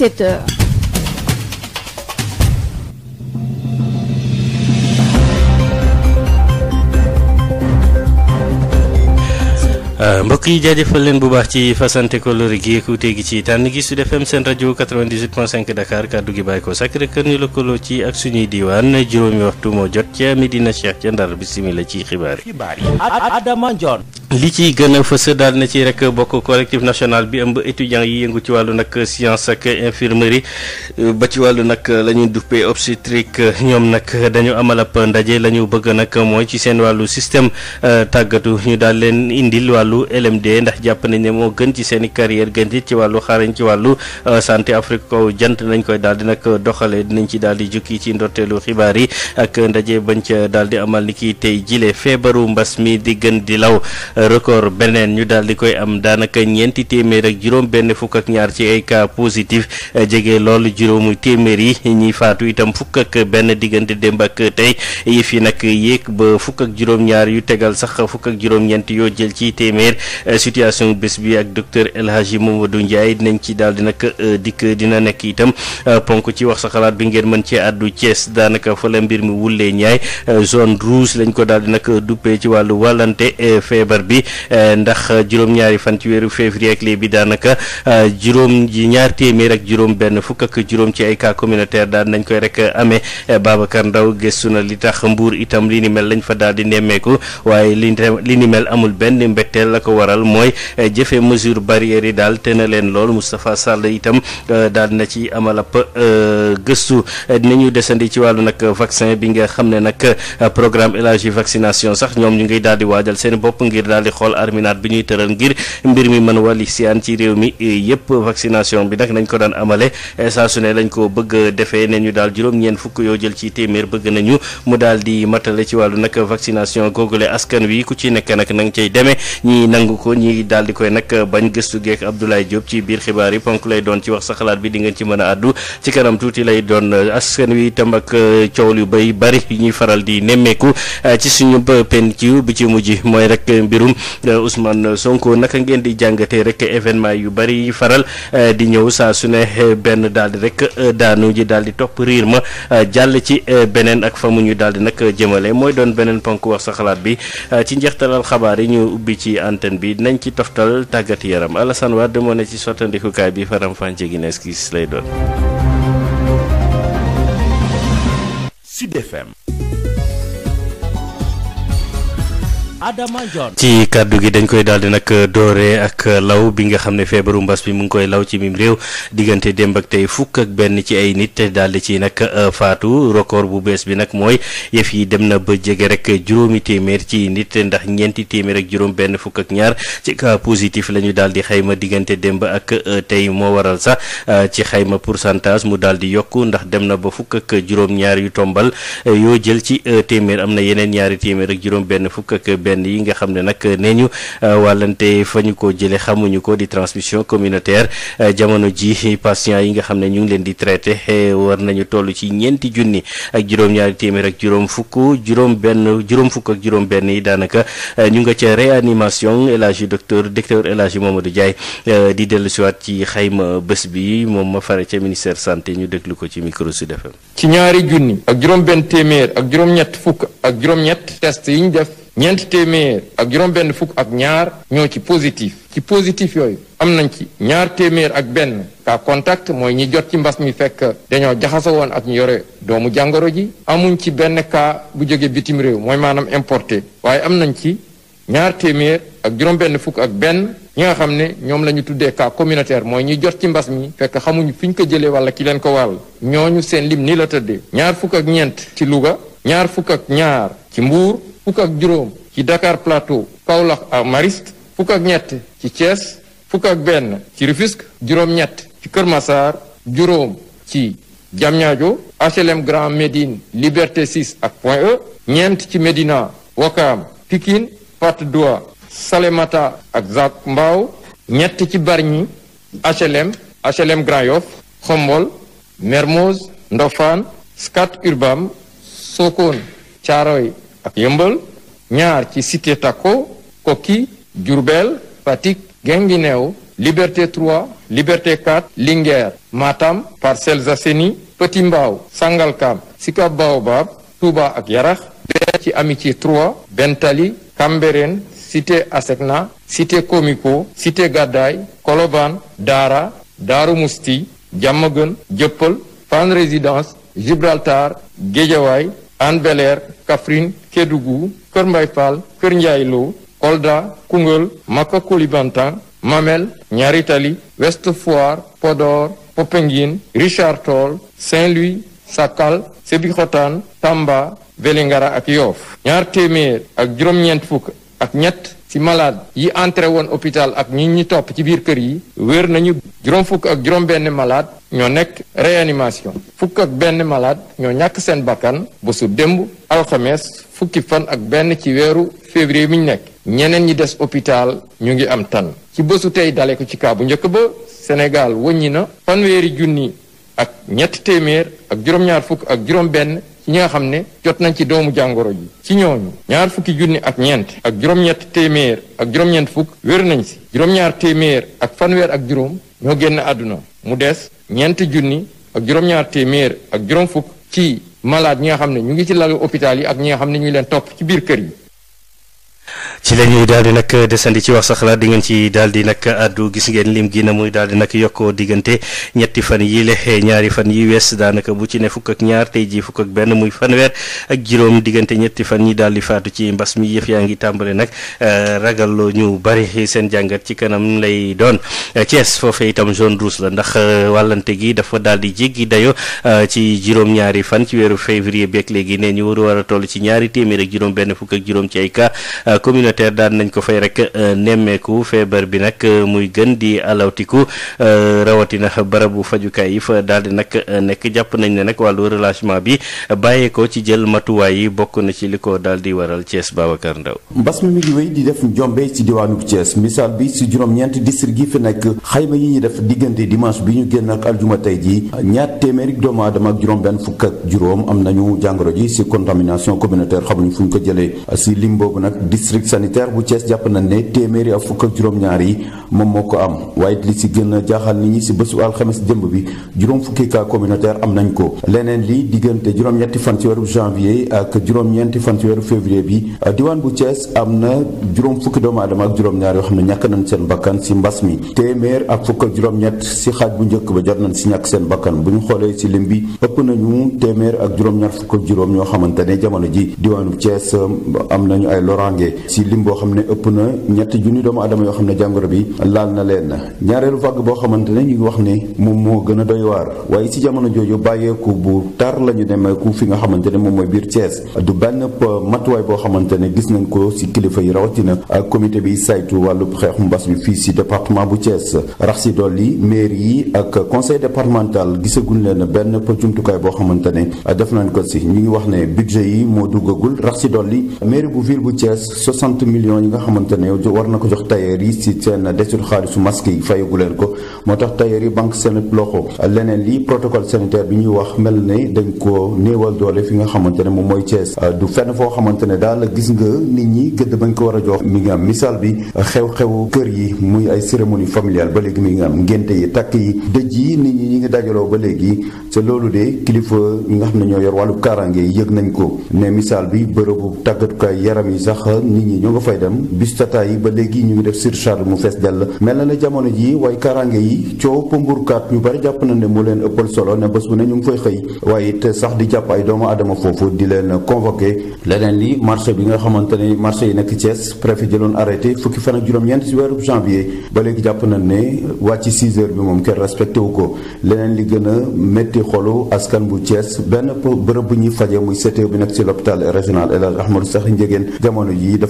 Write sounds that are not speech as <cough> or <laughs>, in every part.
17h. Euh, mbokk yi jaajëfal leen bu baax ci fasante kóllëre gi écouté gi ci tànn gi Sud FM seen rajo 98.5 Dakar kàddu gi bàyyi ko Sacré-Cœur ñu lëkkaloo ci ak suñuy diiwaan juróomi waxtu moo jot ca Medina Cheikh ca Ndar bisimila ci xibaar yi. li ci gën a fës daal na ci rek bokk collectif national bi ëmb étudiants yi yëngu ci wàllu nag science ak infirmerie euh, ba ci wàllu nag la ñuy duppee obstétrique ñoom nag dañu amal ab ndaje la ñu bëgg nag mooy ci seen wàllu système euh, tàggatu ñu daal leen indil wàllu LMD ndax jàpp nañ ne moo gën ci seen i carrière gën ci wàllu xarañ ci wàllu euh, santé Afrique kaw jant nañ koy daal di nag doxalee dinañ ci daal di jukki ci ndorteelu xibaar yi ak ndaje bañ ca daal di amal ni ki tey jile feebaru mbas mi di gën di law record beneen ñu daal di koy am daanaka ñeenti téeméer ak juróom benn fukk ak ñaar ci ay cas positif euh, jege loolu juróomu téeméer yi ñuy faatu itam fukk ak benn diggante démb ak tey yi fi nag yéeg ba fukk ak juróom téeméer euh, situation bés bi ak docteur El Hadji du Ndiaye dinañ ci daal di nag euh, dikk dina nekk itam euh, ponk ci wax sa bi ngeen mën ci àddu Thiès daanaka fa la mbir mi wullee ñaay zone rouge lañ ko daal di nag duppee ci wàllu wàllante feebar bi ndax juróom-ñaari fan ci weeru février ak léegi bi daanaka juróom ji ñaar téeméer ak juróom benn fukk ak juróom ci ay cas communautaire daal nañ koy rek amee Babacar Ndaw gestu na li tax mbuur itam li ni mel lañ fa daal di nemmeeku waaye la ko waral mooy eh, jëfe mesure barrière yi daal te na leen lool Moustapha Sall itam eh, daal na ci amal ab eh, gëstu dinañu desandi ci wàllu nag vaccin bi nga xam ne nag programme élargi vaccination sax ñoom ñu ngi daal di waajal seen bopp ngir daal di xool arminaat bi ñuy tëral ngir mbir mi mën wàlli siyaan ci réew mi yëpp vaccination bi nag nañ ko daan amale saa su ne lañ ko bëgg defee ne ñu daal juróom-ñeent fukk yoo jël ci téeméer bëgg nañu mu daal matale ci nag vaccination googule ñii nangu ko ñii daal di koy nag bañ gëstu geek Abdoulaye Diop ci biir xibaar yi ponk lay doon ci wax sa xalaat bi di ngeen ci mën a àddu ci kanam tuuti lay doon askan wi itam ak euh, coow yu bay bari ñuy faral di nemmeeku euh, ci suñu pen penku bi ci mujj mooy rek mbirum euh, Ousmane Sonko naka ngeen di jàngatee rek événement yu bari yi faral di ñëw saa su ne benn daal di rek daanu ji daal di topp riir ma jàll ci beneen ak fa mu ñu daal di nag jëmale mooy doon beneen ponk wax sa xalaat bi ci njeextalal antenne bi nañ ci toftal tàggat yaram Alassane Wade demoo ne ci sottandikukaay bi faram-fàccee gi nees lay doon. Adama ci kàddu gi dañ koy daal di nag doore ak law bi nga xam ne feebaru mbas bi mu ngi koy law ci mim réew diggante démb ak tey fukk ak benn ci ay nit daal di ci nag euh, faatu record bu bees bi nag mooy yëf yi dem na ba jege rek juróomi téeméer ci nit ndax ñeenti téeméer ak juróom benn fukk ak ñaar ci cas positif la ñu daal di xayma diggante démb ak euh, tey moo waral sax euh, ci xayma pourcentage mu daal di yokk ndax dem na ba fukk ak tombal yoo jël ci téeméer am na yeneen ñaari téeméer ak benn benn yi nga xam ne nag nee ñu euh, wàllante fa ñu ko jëlee xamuñu ko di transmission communautaire euh, jamono ji patients yi nga xam ne ñu ngi leen di traité euh, war nañu toll ci ñeenti junni ak juróom-ñaari téeméer ak fukk juróom benn juróom fukk juróom benn yi daanaka ñu nga ca réanimation El Hadji docteur docteur El Hadji Mamadou Ndiaye di dellu siwaat ci xayma bés bi moom ma fare ca ministère santé ñu déglu ko ci micro Sud FM ci ñaari junni ak juróom fukk ak juróom-ñett test yi ñu def ñeenti téeméer ak juróom-benn fukk ak ñaar ñoo ci positif ci positif yooyu am nañ ci ñaar téeméer ak benn cas contact mooy ñi jot ci mbas mi fekk dañoo jaxasoo woon ak ñu doomu jàngoro ji amuñ ci benn cas bu jóge bitim réew mooy maanaam importé waaye am nañ ci ñaar téeméer ak juróom-benn fukk ak benn ñi xam ne ñoom la tuddee cas communautaire mooy ñi jot ci mbas mi fekk xamuñu fi ko jëlee wala ki leen ko wàll ñu seen lim ni la tëddee ñaar fukk ak ñeent ci Louga ñaar fukk ak ñaar ci Mbuur fukk ak juróom ci Dakar Plateau Kaolack ak ci Thiès ci Rufisque juróom-ñett ci Kër Massar juróom ci Diamniadio HLM Grand Médine Liberté 6 ak Point E ñeent ci Médina Wakaam Pikine Patte d'Oie Salemata ak Zac Mbao ñett ci Bargny HLM HLM Grand Yoff Xombol Mermoz Ndofane Scat Urbam Sokone Thiaroye ak yëmbal ñaar ci cité Takko Koki Diourbel Fatick Guinguinéo Liberté 3 Liberté 4 Linguère Matam Parcelles Assainies Petit Mbao Sangalkam Sicap Baobab Touba ak Yarax benn ci Amitié 3 Bentali Cambérène Cité Asecna Cité Comico Cité Gàddaay Colobane Daara Daaru Musti Diamaguène Jëppal Fann Gibraltar Guédiawaye Hann Bel-Air Kaffrine Kédougou Kër Mbay Fall Kër Njaay Lo Kolda Koungheul Maka Koulibantang Mamel Ñaari Foire Podor Popenguine Richard Toll Saint-Louis Sakal Sébikotane Tamba Vélingara ak Yoff ñaar ak juróom-ñeent fukk ak ñett ci malade yi entrée woon hôpital ak ñi ñi topp ci biir kër yi wér nañu juróom fukk ak juróom benn malade ñoo nekk réanimation fukk ak benn malade ñoo ñàkk seen bakkan bésu démb alxames fukki fan ak benn ci weeru février mi ñu nekk ñeneen ñi des hôpital ñu ngi am tan ci bësu tey dale ko ci kaa njëkk ba Sénégal wëññi na fanweeri junni ak ñetti téeméer ak juróom-ñaar fukk ak juróom benn ñi nga xam ne jot nañ ci doomu jàngoro ji ci ñooñu ñaar fukki junni ak ñeent ak juróom téeméer ak juróom-ñeent fukk wér nañ si juróom-ñaar téeméer ak fanweer ak juróom ñoo génn àdduna mu des ñeent junni ak juróom-ñaar téeméer ak juróom fukk ci malade ñi nga xam ne ñu ngi ci lalu hôpital yi ak ñi nga xam ne ñu leen topp ci biir kër yi ci la ñuy daal di nag desandi ci wax sax laa di ngeen ci daal di nag addu gis ngeen lim gi na muy daal di nag yokkoo diggante ñetti fan yi le ñaari fan yi wees daanaka bu ci ne fukk ak ñaar tey jii fukk ak benn muy fan fanweer ak juróom diggante ñetti fan yi daal di faatu ci mbas mi yëf yaa ngi tàmbale nag euh, ragal loo ñu bari seen jàngat ci kanam lay doon Thiès foofee itam zone rouge la ndax euh, wàllante gi dafa daal di jéggi dayoo euh, ci juróom-ñaari fan ci weeru février beeg léegi ne ñu war a toll ci ñaari téeméer juróom benn fukk juróom ci ay communautaire daan nañ ko fay rek euh, nemmeeku feebar bi nag euh, muy gën di alawtiku euh, rawatina barabu fajukaay yi fa daal di nag nekk jàpp nañ ne nag wàllu relâchement bi bàyyeekoo ci jël matuwaay yi bokk na ci li ko daal di waral Thiès Babacar Ndaw mbas mi mi ngi wéy di def jombe ci diwaanu Thiès misaal bi si juróom-ñeenti district yi fi nekk xayma yi ñu def diggante dimanche bi ñu génn ak aljuma tey ji ñaar téeméeri doomu aadama ak juróom benn fukk ak juróom am nañu jàngoro ji si contamination communautaire xamuñu fu ñu ko jëlee si lim boobu nag district sanitaire bu Thiès jàpp nañ ne téeméeri ak fukk ak juróom-ñaar yi moom moo ko am waaye li si gën a jaaxal nit ñi si bésu alxames jëmb bi juróom fukki cas communautaire am nañ ko leneen li diggante juróom-ñetti fan ci weeru janvier ak juróom-ñeenti fan ci weeru février bi diwaan bu Thiès am na juróom fukki doomu aadama ak juróom yoo xam ne ñàkk nañ seen bakkan si mbas mi téeméer ak fukk ak juróom-ñett si xaaj bu njëkk ba jot nañ si ñàkk seen bakkan bu ñu xoolee si lim bi ëpp nañu téeméer ak juróom fukk ak juróom ñoo xamante ne jamono ji diwaanu Thiès am nañu ay lorange si lim boo xam ne ëpp na ñetti junni doomu aadama yoo xam ne jàngoro bi laal na leen ñaareelu vague boo xamante ne ñu wax ne moom moo gën a doy waar waaye si jamono jooju bàyyeeku bu tar la ñu demeeku fi nga xamante ne moom mooy biir Thiès du benn matuwaay boo xamante ne gis nañ ko si kilifa yi rawatina ak comité bi saytu wàllu xeexu mbas mi fii si département bu cees rax si dolli maire yi ak conseil départemental gisaguñ leen benn jumtukaay boo xamante ne def nañ ko si ñu ngi wax ne budget yi moo duggagul rax si dolli maire 60 millions yi nga xamante ne war na ko jox tailleur yi si seen desul xaalisu masque yi fayagu leen ko moo tax tailleur banque seen loxo leneen li protocole sanitaire bi ñuy wax mel ne dañ ko néewal doole fi nga xamante ne moom mooy Thiès du fenn foo xamante ne daal gis nga nit ñi gëdd bañ ko war a jox mi ngi am misaal bi xew xew kër yi muy ay cérémonie familiale ba léegi mi nga am ngénte yi takk yi dëj yi nit ñi ñi ngi dajaloo ba léegi te loolu de kilifa ñi nga ne ñoo yor wàllu kaaraange yëg nañ ko nit ñi ñoo nga fay dem bis tata yi ba léegi ñu ngi def surcharge mu fees dell mel na ne jamono ji way karange yi coow pomburkaat ñu bari jàpp na ne mu leen ëppal solo ne bés bu ne ñu ngi fay xëy waaye it sax di jàpp ay doomu aadama foofu di leen convoqué leneen li marché bi nga xamante ne marché yi nekk Thiès préfet jëloon arrêté fukki fan ak juróom-ñeent si weeru janvier ba léegi jàpp na ne wàcc 6 heures bi moom kenn respecté wu ko leneen li gën a métti xolu askan bu Thiès benn bërëb bu ñuy faje muy CTO bi nekk ci l'hôpital régional El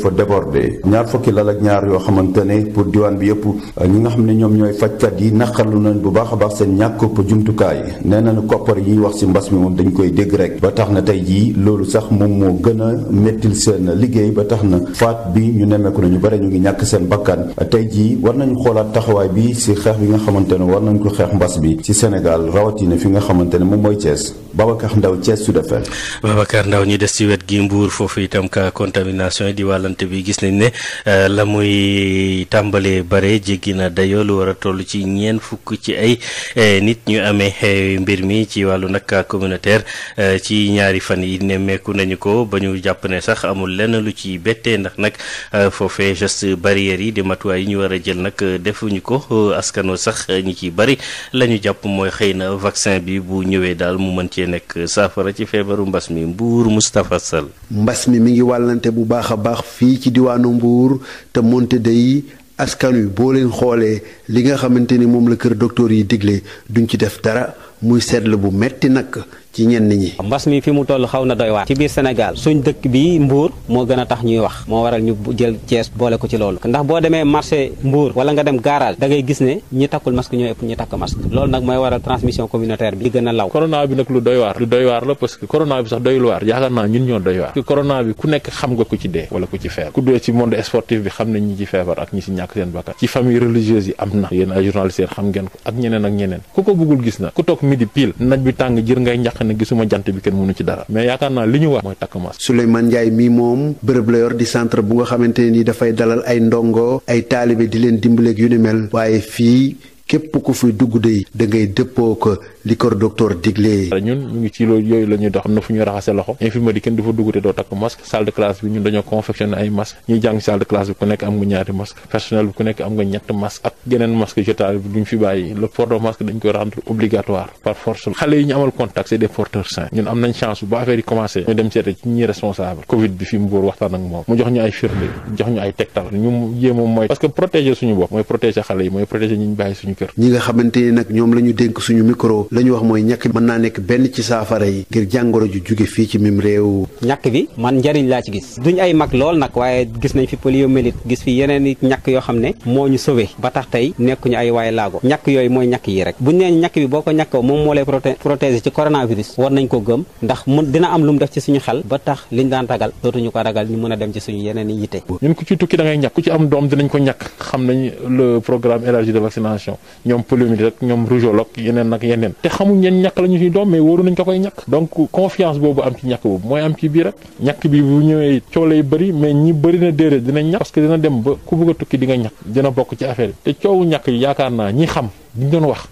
dafa débordé ñaar fukki lal ak ñaar yoo xamante ne pour diwaan bi yëpp ñi nga xam ne ñoom ñooy fajkat yi naqarlu nañ bu baax a baax seen ñàkk jumtukaay nee nañu koppar yi wax si mbas mi moom dañu koy dégg rek ba tax na tey jii loolu sax moom moo gën a méttil seen liggéey ba tax na faat bi ñu nemmeeku nañu bare ñu ngi ñàkk seen bakkan tey jii war nañu xoolaat taxawaay bi si xeex bi nga xamante ne war nañ ko xeex mbas bi ci Sénégal rawatina fi nga xamante ne moom mooy Thiès Babacar Ndaw Thiès Sud FM. Babacar Ndaw ñu des ci wet gi mbuur foofu itam ka contamination di wàllante bi gis nañ ne euh, la muy tàmbalee bare jéggi na dayoo lu war a toll ci ñeen fukk ci ay euh, nit ñu amee euh, mbir mi ci wàllu nag cas communautaire ci ñaari fan yi nemmeeku nañu ko ba ñu jàpp ne sax amul lenn lu ci bettee ndax nag foofee geste barrière yi di matuwaay yi ñu war a jël nag defuñu ko askano sax ñi ci bari lañu jàpp mooy xëy na vaccin bi bu ñëwee daal mu mën ci cee saafara ci feebaru mbas mi mbuur Moustapha Sall. mbas mi mi ngi wàllante bu baax a baax fii ci diwaanu mbuur te moonte day askan wi boo leen xoolee li nga xamante ni moom la kër docteur yi digle duñ ci def dara. muy seetlu bu metti nag ci ñenn ñi. mbas mi fi mu toll xaw na doy waar. ci biir Sénégal suñ dëkk bi Mbour moo gën a tax ñuy wax. moo waral ñu jël Thiès boole ko ci loolu. ndax boo demee marché Mbour. wala nga dem garage da gis ne ñi takkul masque ñoo ëpp ñi takk masque. loolu nag mooy waral transmission communautaire bi. di gën a law corona bi nag lu doy waar. lu doy la parce que corona bi sax doyul waar yaakaar naa ñun ñoo doy waar. corona bi ku nekk xam nga midi pile naaj bi tàng jër ngay njàq ne gisuma jant bi kenn mënu ci dara mais yaakaar naa li ñu wax mooy takk mas Souleymane Ndiaye mii moom bërëb la yor di centre bu nga xamante ne ni dafay dalal ay ndongo ay taalibe di leen dimbaleeg yu ni mel waaye fii képp ku fi dugg dey da ngay dëppoo ko li kër docteur digle. ñun ñu ngi ci loolu yooyu la dox am na fu ñuy raxase loxo infirmerie kenn du fa dugg doo takk masque salle de classe bi ñun dañoo confectionné ay masque ñuy ñett masque ak geneen masque jetable bi duñ fi bàyyi le port de masque dañ koy rendre obligatoire par force xale yi ñu amal contact c'est des porteurs sains ñun am nañ chance bu affaire yi commencé ñu dem seete ci ñi responsable covid bi fi mu waxtaan ak moom mu jox a mooy parce que protéger suñu bopp mooy protéger xale yi mooy protéger la ñu wax mooy ñàkk mën naa nekk benn ci saafara yi ngir jàngoro ju jóge fii ci mim réew ñàkk bi man njariñ laa ci gis duñ ay mag lool nag waaye gis nañ fi poliomyélite gis fi yeneen i ñàkk yoo xam ne moo ñu sauvé ba tax tey nekkuñu ay waaye laago ñàkk yooyu mooy ñàkk yi rek buñ nee ñàkk bi boo ko ñàkkoo moom moo lay protéger ci coronavirus war nañ ko gëm ndax mun dina am lu mu def ci suñu xel ba tax liñ daan ragal dootuñu ko ragal ñu mën a dem ci suñu yeneen i yitte ñun ko ci tukki da ngay am doom dinañ ko ñàkk xam nañ le programme élargi de ñoom poliomyélite ñoom rougeole ak yeneen nag yeneen te xamuñ ñenn ñàkk la ñu ci doom mais wóoru nañ ko koy ñàkk donc confiance boobu am ci ñàkk boobu mooy am ci biir rek ñàkk bi bu ñëwee coow lay bëri mais ñi bëri na déedéet dina ñàkk parce que dina dem ba ku bëgg a tukki di nga ñàkk dina bokk ci affaire bi te coowu ñàkk yi yaakaar naa ñi xam diñ doon wax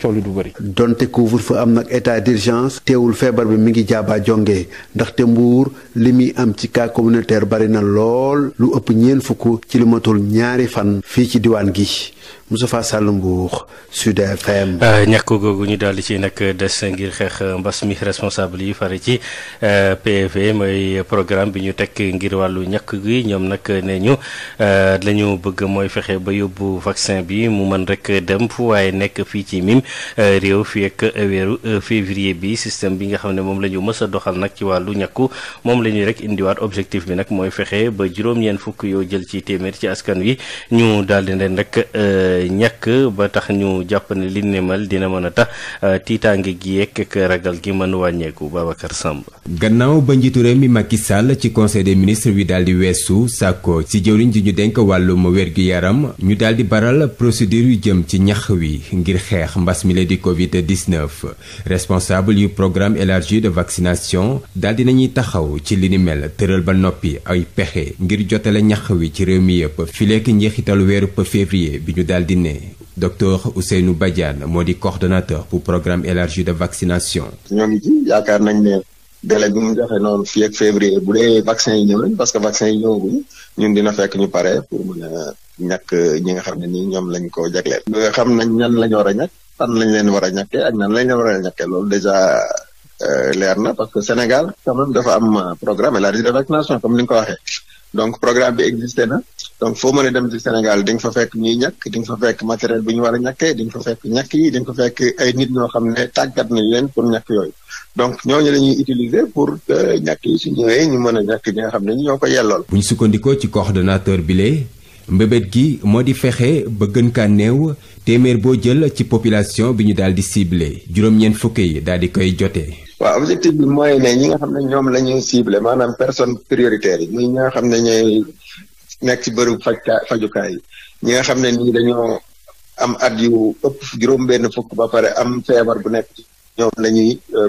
coow li du bëri. donte couvre-feu am nag état d'urgence teewul feebar bi mu ngi jaaba jonge ndaxte mbuur li muy am ci cas communautaire bari na lool lu ëpp ñeen fukk ci li matul ñaari fan fii ci diwaan gi. Moustapha Sall Mbour Sud FM. Euh, ñàkk googu ñu daal di ci nag des ngir xeex mbas mi responsable yi fare ci euh, PV mooy programme bi ñu teg ngir wàllu ñàkk gi ñoom nag nee ñu euh, la ñu bëgg mooy fexe ba yóbbu vaccin bi mu mën rek dem fu waaye nekk fii ci mim réew fii ak weeru février bi système bi nga xam ne moom la ñu mës a doxal nag ci wàllu ñàkku moom la ñuy rek indiwaat objectif bi nag mooy fexe ba juróom-ñeent fukk yow jël ci téeméer ci askan wi ñu daal di leen ñàkk ba tax ñu jàpp ne li ne mel dina mën a tax euh, tiitaange gi yekk ak ragal gi mën wàññeeku Babacar Samb. gannaaw ba njiitu réew mi Macky Sall ci conseil des ministre bi daal di weesu sàkko ci jëwriñ ji ñu denk wàllum wér gi yaram ñu daal di baral procédure yu jëm ci ñax wi ngir xeex mbas mi la di Covid 19 responsable yu programme élargi de vaccination daal di nañuy taxaw ci li ni mel tëral ba noppi ay pexe ngir jotale ñax wi ci réew mi yëpp fileek njeexitalu daldi ne docteur Ousseynou Badiane moo di coordonnateur pour programme élargi de vaccination. ñoo ngi ci yaakaar nañ ne délai bi mu joxe noonu fii ak février bu dee vaccin yi ñëw parce que vaccin yi ñëwaguñ ñun dina fekk ñu pare pour mën ñi nga xam ne nii ñoom lañ ko jagleel. xam nañ ñan lañ war a ñàkk fan lañ leen war a ñàkkee ak nan lañ leen war a ñàkkee loolu déjà. Euh, leer na parce que Sénégal quand même am programme élargi de vaccination comme ni nga ko waxee donc programme bi existé na donc foo mën dem ci Sénégal di nga fa fekk ñuy ñàkk di nga fa fekk matériel bi ñu war a ñàkkee di nga fa fekk ñàkk yi di nga fa fekk ay nit ñoo xam ne tàggat nañ leen pour ñàkk yooyu donc ñooñu la ñuy utiliser pour que euh, ñàkk yi su ñëwee ñu mën a ñàkk ñi nga xam ne ñoo ko yellool. bu ñu sukkandikoo ci coordonnateur bi lee mbébét gi moo di fexee ba gën kaa néew téeméer boo jël ci population bi ñu daal di ciblé juróom-ñeent fukki yi daal di koy jotee. waa objectif bi mooy ñi nga xam ne ñoom la ñuy ciblé maanaam personne prioritaire yi muy xam ne nekk ci bërëb fajka fajukaay yi ñi nga xam ne nii dañoo am at yu ëpp juróom-benn fukk ba pare am feebar bu nekk ñoom la ñuy euh,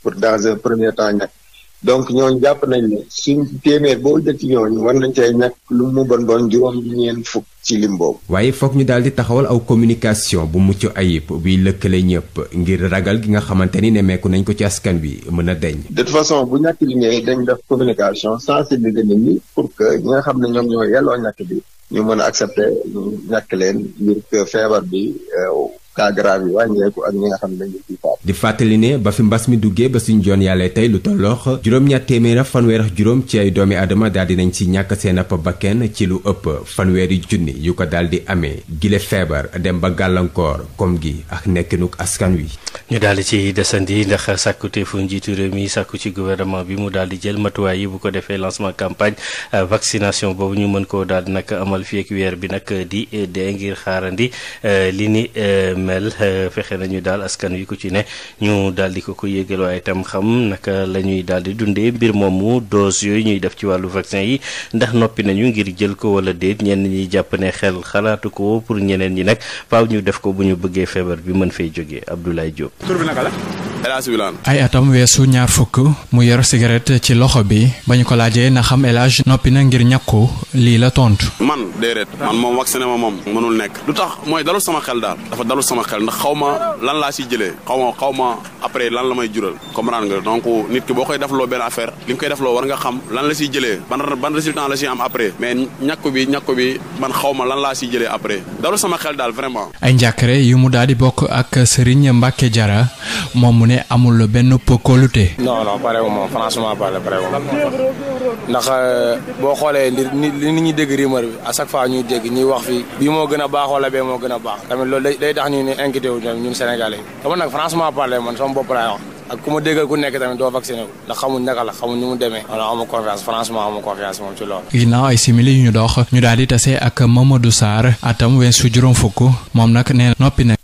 pour dans un premier temps ñàkk donc ñooñ jàpp nañ ne suñ téeméer boo jël ci ñooñu war nañ cee ñàkk lu mu bon bon juróom ñeent fukk ci lim boobu. waaye foog ñu daal di taxawal aw communication bu mucc ayib buy lëkkale ñëpp ngir ragal gi nga xamante ni nemmeeku nañ ko ci askan wi mën a deñ. de toute façon bu ñàkk liggéey dañ def communication sensibiliser nit pour que ñi nga xam ne ñoom ñoo yelloo ñàkk bi ñu mën a accepter ñu leen ngir feebar bi. Euh, cas wàññeeku ak ñi nga xam ne di fàttali ne ba fi mbas mi duggee ba suñ joon yàlla tey lu tolloox juróom-ñaar téeméer ak fanweer ak juróom ci ay doomi aadama daal dinañ ci ñàkk seen ab kenn ci lu ëpp fanweeri junni yu ko daal di amee gile feebar dem ba gàllankoor kom gi ak nekkinuk askan wi ñu daal di ci desandi ndax sàkkuteefu njiitu réew mi sàkku ci gouvernement bi mu daal di jël matuwaay yi bu ko defee lancement campagne euh, vaccination boobu ñu mën koo daal di nag amal fii ak weer bi nag di euh, dee ngir euh, li ni mel <laughs> euh, fexe nañu daal askan wi ku ci ne ñu daal di ko ko yëgal waaye itam xam naka la ñuy daal di dundee mbir moomu dose yooyu ñuy def ci wàllu vaccin yi ndax noppi nañu ngir jël ko wala déet ñenn ñi jàpp ne xel xalaatu ko pour ñeneen ñi nag faaw ñu def ko bu ñu bëggee feebar bi mën fay jógee Abdoulaye Diop. tur bi ay atam weesu ñaar fukk mu yor cigarette ci loxo bi ba ñu ko laajee na xam El noppi na ngir ñàkku lii la tontu. man déedéet man moom vacciné ma moom mënul nekk lu tax mooy dalul sama xel daal dafa dalul sama xel ndax xaw ma lan laa si jëlee xaw ma xaw ma après lan la may jural comprendre nga donc nit ki boo koy defloo benn affaire li nga koy defloo war nga xam lan la siy jëlee ban ban résultat la siy am après mais ñàkku bi ñàkku bi man xaw ma lan laa si jëlee après dalul sama xel daal vraiment. ay njàkkare yu mu daal di bokk ak Serigne Mbacke Diarra moom ne amul benn no non non pareegu moom franchement parle pareegu moom ndax euh, boo xoolee ni ni ñuy dégg rumeur bi à chaque fois ñuy dégg ñuy wax fi bii moo gën a baax wala bee moo gën a baax tamit loolu day tax ñu ne inquiété wu ñun Sénégalais yi. dama nag franchement parle man sama bopp nekk tamit doo vacciné wu ndax xamuñ naka la xamuñ ni mu demee wala amu confiance franchement amu confiance moom ci loolu ginnaaw ay simili yu ñu dox ñu daal di tase ak Mamadou Sarr atam weesu juróom fukk moom nag ne noppi na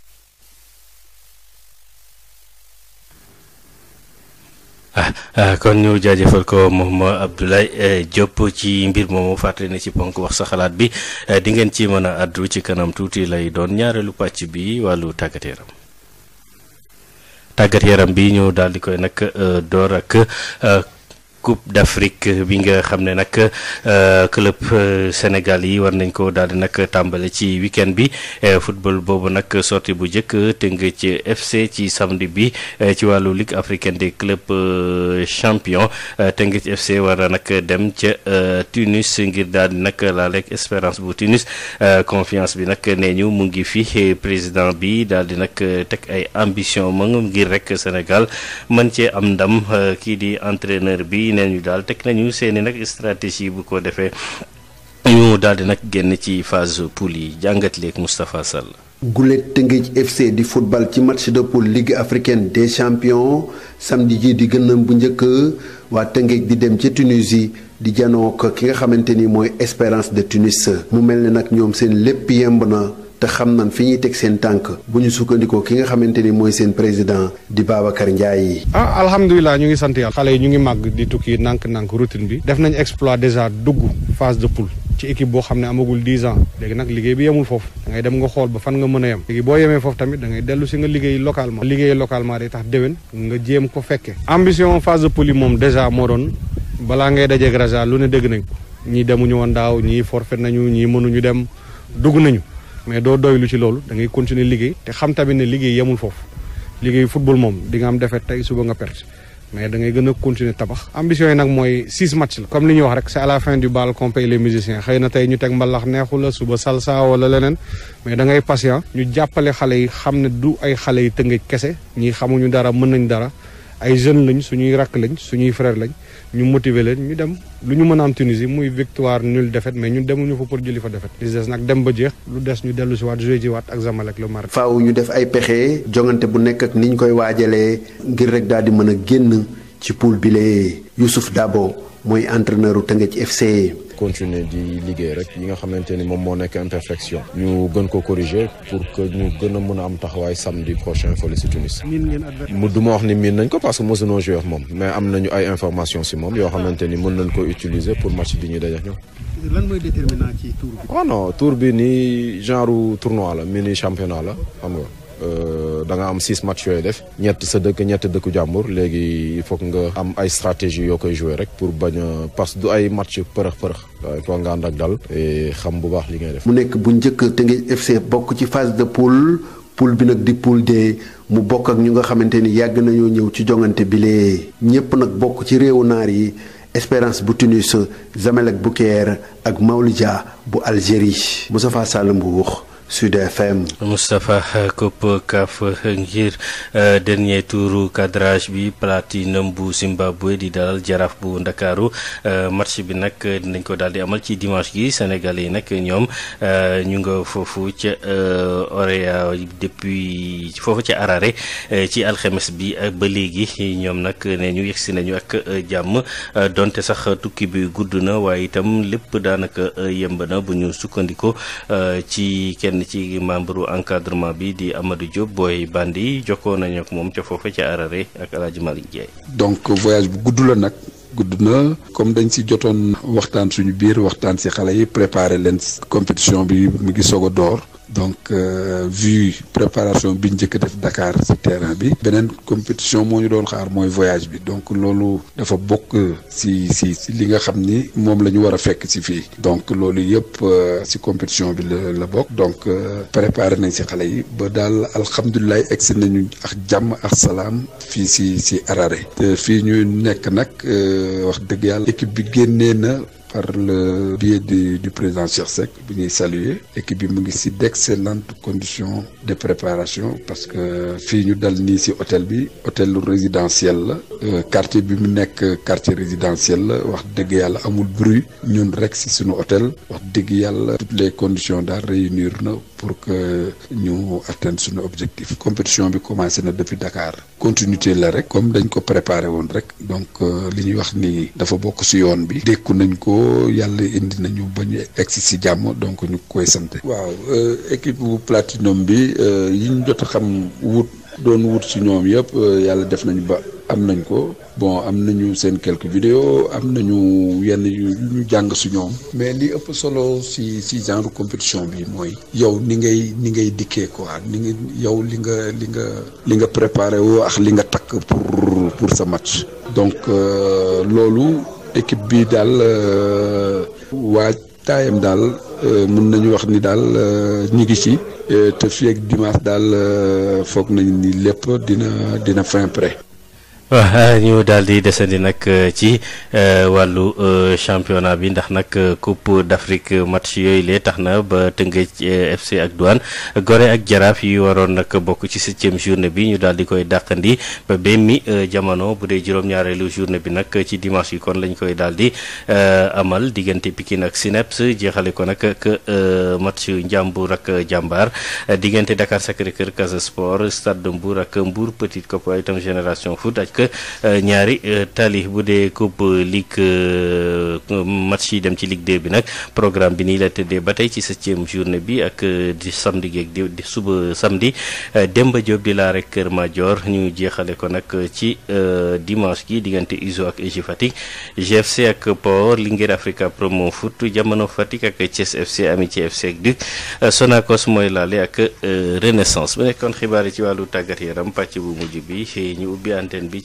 Ah, ah kon ñu jaajëfal ko moom Abdoulaye eh, Diop ci mbir moomu fàttali na ci ponk wax sa xalaat bi eh, di ngeen ci mën a àddu ci kanam tuuti lay doon ñaareelu pàcc bi wàllu tàggat yaram tàggat yaram bi ñu daal di koy nag eh, door ak. coupe d'Afrique bi nga xam ne nag euh, club euh, Sénégal yi war nañ ko daal di nag tàmbale ci week bi football boobu nag sorti bu njëkk Teungueth FC ci samedi bi euh, ci wàllu Ligue africaine des clubs champions Teungueth FC war na nag dem ca Tunis ngir daal di nag laale ak Espérance bu Tunis confiance bi nag nee ñu mu ngi fi président bi daal di nag teg ay ambition ma ngir rek Sénégal mën cee am ndam kii di entraîneur bi. neen nañu daal teg nañu seeni nag stratégie bu ko defee ñu daal di nag génn ci phase poule yi jàngatleek leeg Moustapha Sall. Tëngéej FC di football ci match de poule Ligue africaine des champions samedi ji di gënnam bu njëkk waa Tëngéej di dem ca Tunisie di janoo ko ki nga xamante ni mooy Espérance de Tunis mu mel ni nag ñoom seen lépp yemb na. xam nan fi ñuy teg seen tànk bu ñu sukkandikoo ki nga xamante ni mooy seen président di Babacar Ndiaye yi ah alhamdulilah ñu ngi sant yàlla xale yi ñu ngi màgg di tukki nànk-nànk routine bi def nañ exploit déjà dugg phase de poule ci équipe boo xam ne amagul 10 ans léegi nag liggéey bi yemul foofu da ngay dem nga xool ba fan nga mën a yem léegi boo yemee foofu tamit da ngay dellu si nga liggéey localement liggéey localement day tax déwén nga jéem ko fekke ambition phase de poule moom déjà moo doon balaa ngay dajeeg Raja lu ne dégg nañ ko ñii demuñu woon daaw ñii forfait nañu ñii mënuñu dem dugg nañu mais doo doylu ci loolu da ngay continuer liggéey te xam tamit ne liggéey yemul foofu liggéey football moom di nga am défaite tey suba nga perte mais da ngay gën a continuer tabax. ambition yi nag mooy six match la comme li ñuy wax rek c'est à la fin du bal qu'on paye les musiciens xëy na tey ñu teg mbalax neexu la suba salsa wala leneen mais dangay ngay patient. ñu jàppale xale yi xam ne du ay xale yi tëngëj kese ñii xamuñu dara mën nañ dara. ay jeunes lañ suñuy rakk lañ suñuy frère lañ ñu motiver leen ñu dem lu ñu mën a am Tunisie muy victoire nul défaite mais ñun demuñu fa pour jëli fa défaite li des nag dem ba jeex lu des ñu dellu si waat joué ji waat ak Zamalek le Maroc faaw ñu def ay pexe jongante bu nekk ak ni ñu koy waajalee ngir rek daal di mën a génn ci poule bi lee Youssouf Dabo mooy entraîneur u Teungueth FC. continuer di liggéey rek yi nga xamante ni moom moo nekk imperfection. ñu gën ko corriger pour que ñu gën a mën a am taxawaay samedi prochain fële si Tunis. mu du ma wax ni miin nañ ko parce que mosunoo joué moom mais am nañu ay information si moom yoo xamante ni mën nañ ko utiliser pour match bi ñuy daje ñoom. ci tour bi. oh non tour bi nii genre tournoi la mini championnat la am nga. Euh, da nga am six match yooyu def ñett sa dëkk ñett dëkku jàmbur léegi il faut nga am ay stratégie yoo koy jouer rek pour bañ a parce que du ay match përëx përëx waaye ko nga ànd ak dal xam bu baax li ngay def. mu nekk bu njëkk Teungueth FC bokk ci phase de poule poule bi nag di poule de mu bokk ak ñu nga xamante ni yàgg nañoo ñëw ci jongante bi lee ñëpp nag bokk ci réewu naar yi. Espérance bu Tunis Zamalek bu Caire ak Mawlidia bu Algérie Moustapha Sall Mbour Sud FM. Moustapha Kopp Kaff ngir eh, dernier tour cadrage bi platinum bu Zimbabwe di dalal jaraaf bu ndakaaru eh, match bi nag dinañ ko daal di amal ci dimanche gi Sénégal yi nag ñoom eh, ñu nga foofu ca Orea depuis foofu ca Harare ci alxemes bi ba léegi ñoom nag ne ñu yegsi nañu ak jàmm donte sax tukki bi gudd na waaye itam lépp daanaka yëmb na bu ñu sukkandikoo ci kenn. kenn ci membre encadrement bi di amadu Diop booy bandi jokkoo nañu ak moom ca foofa ca Harare ak El Hadj Malick donc voyage bu gudd la nag. gudd na comme dañ si jotoon waxtaan suñu biir waxtaan si xale yi préparer leen compétition bi mu ngi soog a door. donc euh, vu préparation bi ñu njëkk def Dakar si terrain bi beneen compétition moo ñu doon xaar mooy voyage bi donc loolu dafa bokk si si si li nga xam ni moom la ñu war a fekk si fii donc loolu yëpp si euh, compétition bi la bokk donc euh, préparé nañ si xale yi ba daal alhamdulilah egsi nañu ak jàmm ak salaam fii si si Harare te fii ñu nekk nag wax dëgg yàlla équipe bi génnee na par le biais du, du président Cheikh Seck bi ñuy saluer équipe bi mu ngi si d'excellentes condition de préparation parce que fii ñu dal nii si hôtel bi hôtel résidentiel la euh, quartier bi mu nekk quartier résidentiel la wax dëgg yàlla amul bruit ñun rek si suñu hôtel wax dëgg yàlla toutes les conditions daal réunir na pour que ñu atteindre suñu objectif compétition bi commencé na depuis Dakar continuité la rek comme dañ ko préparé woon rek donc euh, li ñuy wax ni dafa bokk si yoon bi dékku nañ ko yàlla indi nañu ba ñu egsi si jàmm donc ñu koy sant waaw euh, équipe bu platinum bi euh, yi ñu jot a xam wut doon wut si ñoom yëpp yàlla def nañ ba am nañ ko bon am nañu seen quelques vidéos am nañu yenn yu ñu jàng su ñoom mais li ëpp solo si si genre compétition bi mooy yow ni ngay ni ngay dikkee quoi ni nga yow li nga li nga li nga préparé woo ak li nga takk pour pour sa match donc euh, loolu équipe bi daal euh, waa taayam daal euh, mun nañu wax ni daal ñu ngi ci te fii ak dimanche daal foog nañ nii lépp dina dina fin prêt waaw ah, ñu daal di desandi nag euh, ci euh, wàllu euh, championnat bi ndax nag coupe d'Afrique match yooyu lee tax na ba Tëngéej FC ak Douane Gorée ak Jaraaf yi waroon nag bokk ci septième journée bi ñu daal di koy dàqandi ba benni jamono bu dee juróom-ñaareelu journée bi nag ci dimanche yu kon lañ koy daal di amal diggante Pikine ak Sineps jeexale ko nag ak match Njàmbur ak Jàmbaar diggante Dakar Sacré-Cœur Casa Sport Stade de Mbour ak Mbour Petite Côte itam Génération Foot. ak euh, ñaari euh, tali bu dee coupe euh, ligue match yi dem ci ligue 2 bi nag programme bi nii la tëddee ba tey ci septième journée bi ak di samedi geeg di suba samedi Demba Diop di laa rek Kër Madior ñu jeexale ko nag ci dimanche gi diggante ISO ak EG Fatick GFC ak Port Linguère Africa Promo Foot jamono Fatick ak Thiès FC Amitié FC ak Duc Sonacos mooy laale ak Renaissance bu nekkoon xibaar yi ci wàllu tàggat yaram pàcc bu mujj bi ñu ubbi antenne bi.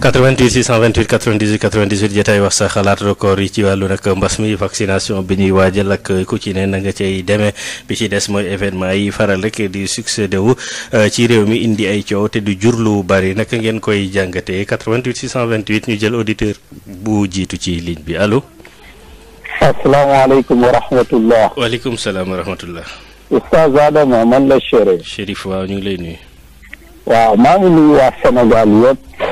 88 628 98 98 jotaay wax sa xalaat record yi ci wàllu nag mbas mi vaccination bi ñuy waajal ak ku ci ne na nga cay demee bi ci des mooy événement yi faral rek di succédé euh, ci réew mi indi ay coow te du jur lu bari naka ngeen koy jàngatee 88 628 ñu jël auditeur bu jiitu ci ligne bi allo. asalaamaaleykum wa rahmatullah. waaleykum salaam wa rahmatullah. Oustaz Adama la Chérif. Chérif waaw ñu ngi lay nuyu. waaw maa ngi nuyu waa Sénégal yëpp.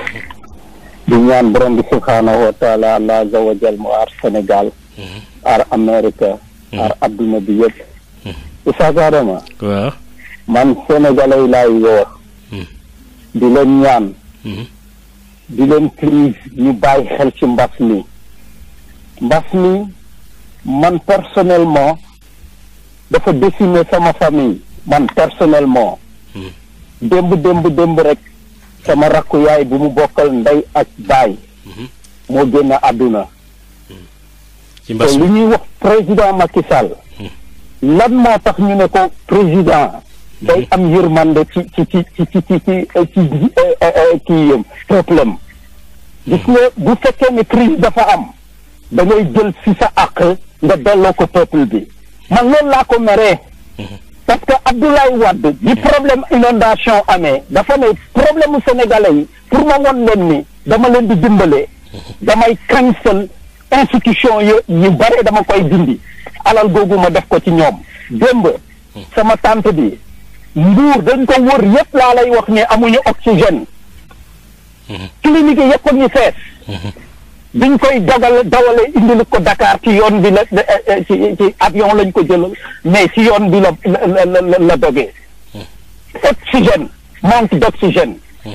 di ñaan borom bi subhaanahu wa allah azza wa mu aar Sénégal mhm. aar Amérique mhm. aar adduna bi yëpp mhm. Oustaz Adama man sénégalais laay woo di leen ñaan di leen prise ñu bàyyi xel ci mbas mi mbas mi man personnellement dafa décimer sama famille man personnellement démb démb démb rek sama rakku yaay bu mu bokkal ndey ak baay moo génn àdduna te li ñuy wax président Macky Sall lan moo tax ñu ne ko président day am yërmande ci ci ci ci ci ci ci kii yëm problème gis nga bu fekkee ne crise dafa am dangay ngay jël si sa àq nga delloo ko peuple bi man loolu laa ko meree parce que Abdoulaye Wade bi problème inondation amee dafa ne problème mu sénégalais yi pour ma won leen ni dama leen di dimbale damay cancel institution yi yu bare dama koy dindi alal googu ma def ko ci ñoom démb sama tante bi mbuur dañ ko wër yépp laa lay wax ne amuñu oxygène mhm. clinique yépp a fees biñ koy dagale dawale indilu ko dakaar ci yoon bi la eh, eh, ci ci avion lañ ko jëlal mais ci yoon bi la la la la dogee. Hmm. oxygène manque d'oxygène. Hmm.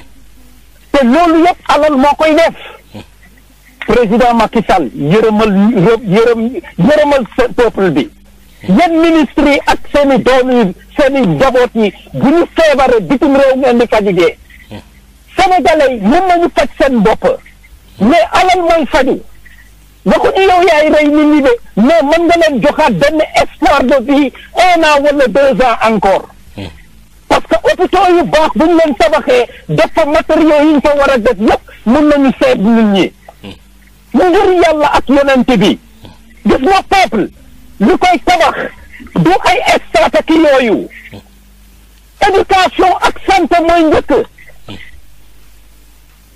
te loolu yëpp alal moo koy def. Hmm. président Macky Sall yërëmal yërëm yërëmal peuple bi. yenn ministres ak seeni i seeni yi njaboot yi bu ñu feebaree bitim réew ngeen di faju dee. sénégalais yi mën nañu faj seen bopp. mais alal mooy faju waxuñu yow i rey nit ñi de mais mën nga leen joxaat benn espoir de bi un an wala deux ans encore hmm. parce que hôpitaux baax bu ñu leen tabaxee dafa matériaux yi ñu fa war a def yépp mën nañu seet nit ñi hmm. mu ngir yàlla ak yonent bi gis nga peuple li koy tabax du ay strat ak yooyu hmm. éducation ak santé mooy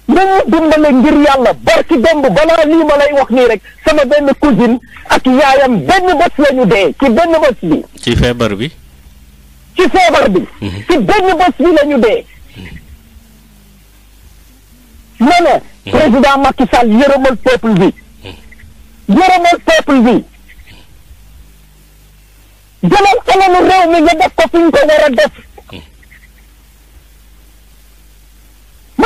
nañ ma dimbale ngir yàlla barki démb balaa lii ma lay wax nii rek sama benn cousine ak yaayam benn bés la ñu dee ci benn bés bi. ci feebar bi. ci feebar bi. Mhm. ci benn bés bi la ñu dee. ma mhm. ne mhm. président Macky Sall yërëmal peuple bi. yërëmal peuple bi. jëlal alalu réew mi nga def ko fi ñu ko war a def.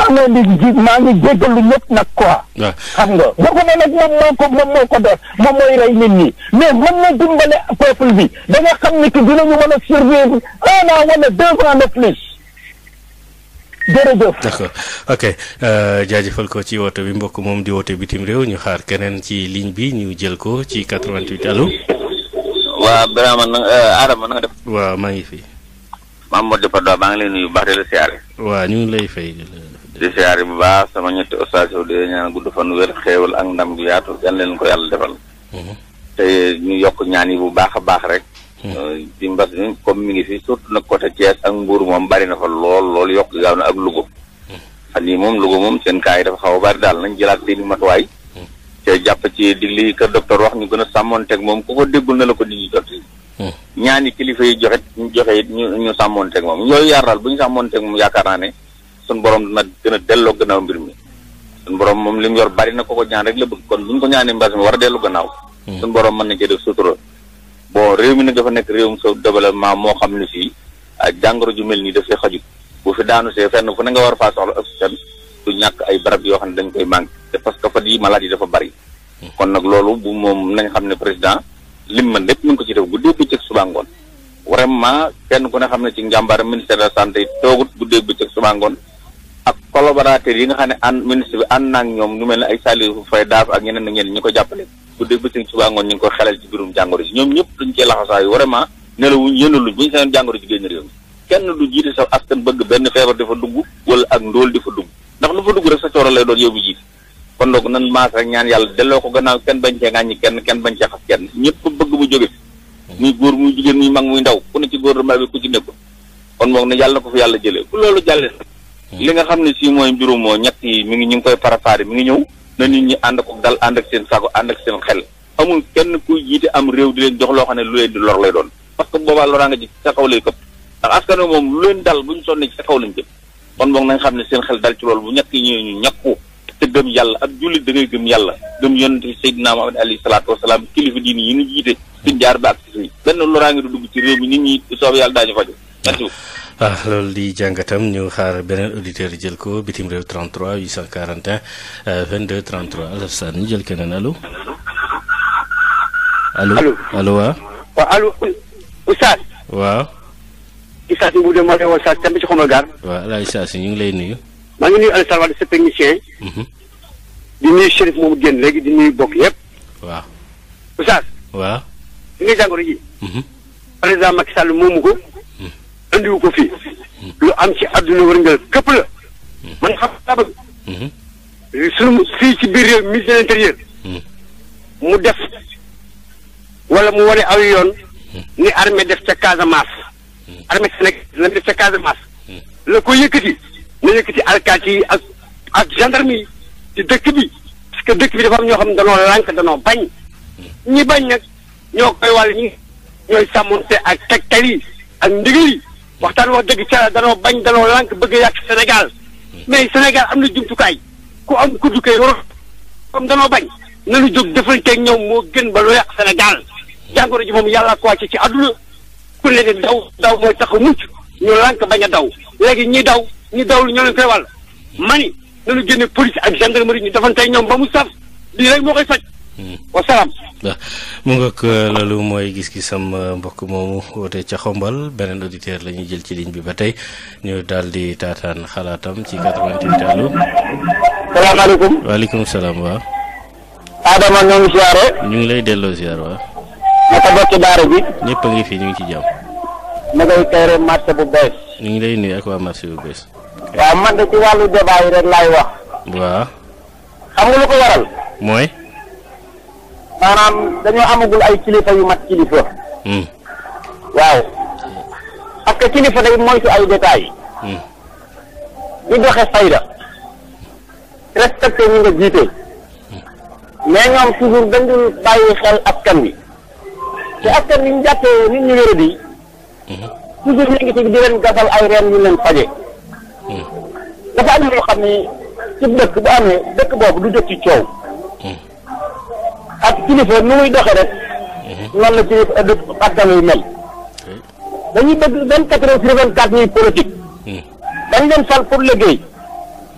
maa ngi leen di ji maa jéggalu ñëpp nag quoi. xam nga bokk na nag moom moo ko moom moo ko def moom mooy rey nit ñi mais mën na dimbale peuple bi nga xam ni que dinañu mën a de plus. jërëjëf d'accord euh, ko ci woote bi mbokk moom di bitim réew ñu xaar keneen ci ligne bi ñu jël ko ci 88 allo. waa Birama na euh, ngi fi. maa ngi lay nuyu ñu ngi lay fay. di siyaare bu baax sama ñetti ostaas yow di ñaan gudd fan wér xéewal ak ndam gi yaatu yan leen ko yàlla defal. Mhm. te ñu yokk ñaan yi bu baax a baax rek. ci mhm. euh, mbas mi comme mi ngi si surtout nag côté Thiès ak Mbour moom bari na fa lool lool yokk gaaw na ak Louga. Mhm. fan yii moom Louga moom seen kaa yi dafa xaw a bari daal nañ jëlaat seen i matuwaay. te jàpp ci digli kër docteur wax ñu gën a teg moom ku ko déggul na la ko di jot. ñaani kilifa yi joxe ñu joxe it ñu ñu moom yooyu yaar daal bu ñu sàmmoonteeg moom yaakaar naa ne suñu borom dina gën a delloo gannaaw mbir mi suñu borom moom li mu yor bari na ko ko ñaan rek la bëgg kon bu ñu ko ñaanee mbas mi war a dellu gannaaw hmm. suñu borom mën na cee def sutura bon réew mi nag dafa nekk réewum sa développement moo xam ne si ah, jàngoro ju mel nii dafay xaju bu fi daanu see fenn fu ne nga war faa soxla oxygène du ñàkk ay barab yoo xam ne dañ koy manqué te parce que fa yi malade yi dafa bari hmm. kon nag loolu bu moom nañ xam ne président lim man lépp mu ngi ko ci def guddee bëccëg suba ngoon vraiment kenn ku ne xam ne ci njàmbaar ministère de la santé toogut guddee bëccëg suba ngoon ak coloborateur yi nga xam ne ànd ministre bi ànd naag ñoom ñu mel ne ay Saliou Faye Daaf ak ñeneen ak ñeneen ko jàppale bu dee bëccëg suba ngoon ñu ngi ko xelal ci biirum jàngoro ji ñoom ñëpp dañ cee laxasaayu vraiment nelawuñ sa askan bëgg benn feebar di fa dugg wala ak ndóol di fa dugg ndax lu fa dugg rek sa cooro lay doon yow bi kon donc nan maas rek ñaan yàlla delloo ko gannaaw kenn bañ cee ŋàññi kenn kenn bañ cee xas kenn ñëpp bëgg mu jóge fi muy góor muy jigéen muy mag muy ndaw ku ne ci gouvernement bi ku ci nekkul kon moom ne yàlla na ko fi yàlla jëlee ku li nga xam ne si mooy mbirum ñett yi mi ngi ñu ngi koy parafaari mi ngi ñëw na nit ñi ànd ko dal ànd ak seen sago ànd ak seen xel amul kenn kuy jiite am réew di leen jox loo xam ne lu leen di lor lay doon parce que boobaa loraanga ji sa kaw lay këpp ndax askan moom dal bu ñu sonnee xam ne seen xel dal ci loolu bu ñett yi ñëwee ñu ñàkku te gëm yàlla ak jullit da ngay gëm yàlla gëm yonent bi Seydina Muhammad alayhi yi ñu jiite suñ jaar ba ak si benn loraange du dugg ci réew mi nit ñi soob yàlla daañu faju ah loolu di jàngatam ñu xaar beneen auditeur jël ko bitim réew 33 841 22 33 Alpha Sane ñu jël keneen allo. allo allo allo waaw. waaw allo Oustaz. waaw. Oustaz Mboude moo lay woo Oustaz tamit ci xomal gaar. waaw El Hadj Oustaz ñu ngi lay nuyu. maa ngi nuyu Alassane Wade sa technicien. Mhm. di nuyu Chérif moomu génn léegi di nuyu bokk yëpp. waaw. Oustaz. waaw. li nga jàngoro ji. Mhm. président Macky Sall moomu ko. andiwu ko fii lu am ci àdduna wërngal këpp la hmm. man xam naa bëgg hmm. sunu fii ci biir réew ministre de l'intérieur hmm. mu def wala mu wane aw yoon ni armée def ca Casamance armée Sénégal la def ca Casamance la ko yëkkati na yëkkati alkaati yi ak ak gendarme yi ci dëkk bi parce que dëkk bi dafa am ñoo xam ne danoo lànk danoo bañ ñi bañ nag ñoo koy wàll ñi ñooy sàmmonte ak tegtal ak ndigal waxtaan wax dëgg ca danoo bañ danoo lànk bëgg yàq senegal mais Sénégal am na jumtukaay ku am kuddu kay war comme danoo bañ na nanu jóg defanteeg ñoom moo gën ba lu yàq Sénégal jàngoro ji moom yàlla ko wàcce ci àdduna ku ne di daw daw mooy tax a mucc ñu lànk bañ a daw léegi ñi daw ñi daw lu ñoo leen koy wàll mani nanu génne police ak gendarmerie ñu defanteeg ñoom ba mu saf lii rek moo koy faj wasalaam. mu ngoog loolu mooy gis-gisam euh, mbokk moomu woote ca xombal beneen auditeur lañuy jël ci liñ bi ba tey ñu daal di taataan xalaatam ci 88 allo. salaamaaleykum. salaam waaw. Adama ñoo ngi lay delloo siyaar waaw. ñu ngi ci jàmm. na ngi lay nuyu ak lu ko waral. mooy. maanaam dañoo amagul ay kilifa yu mat kilifa. Hmm. waaw parce que kilifa day moytu ay détails. Hmm. di doxe fayda respecté ñu nga jiite. Hmm. mais ñoom toujours dañ dul bàyyi xel askan bi te askan bi ñu jàppee nit ñu wéra di toujours ñu ngi ci di leen gasal ay reen ñu leen faje dafa am loo xam ni ci dëkk bu amee dëkk boobu du jóg ci coow ak kilifa mu muy doxee rek. noonu la kilifa ëpp askan wi mel. dañuy bëgg vingt quatre heures sur vingt quatre ñuy politique. dañ leen fal pour liggéey.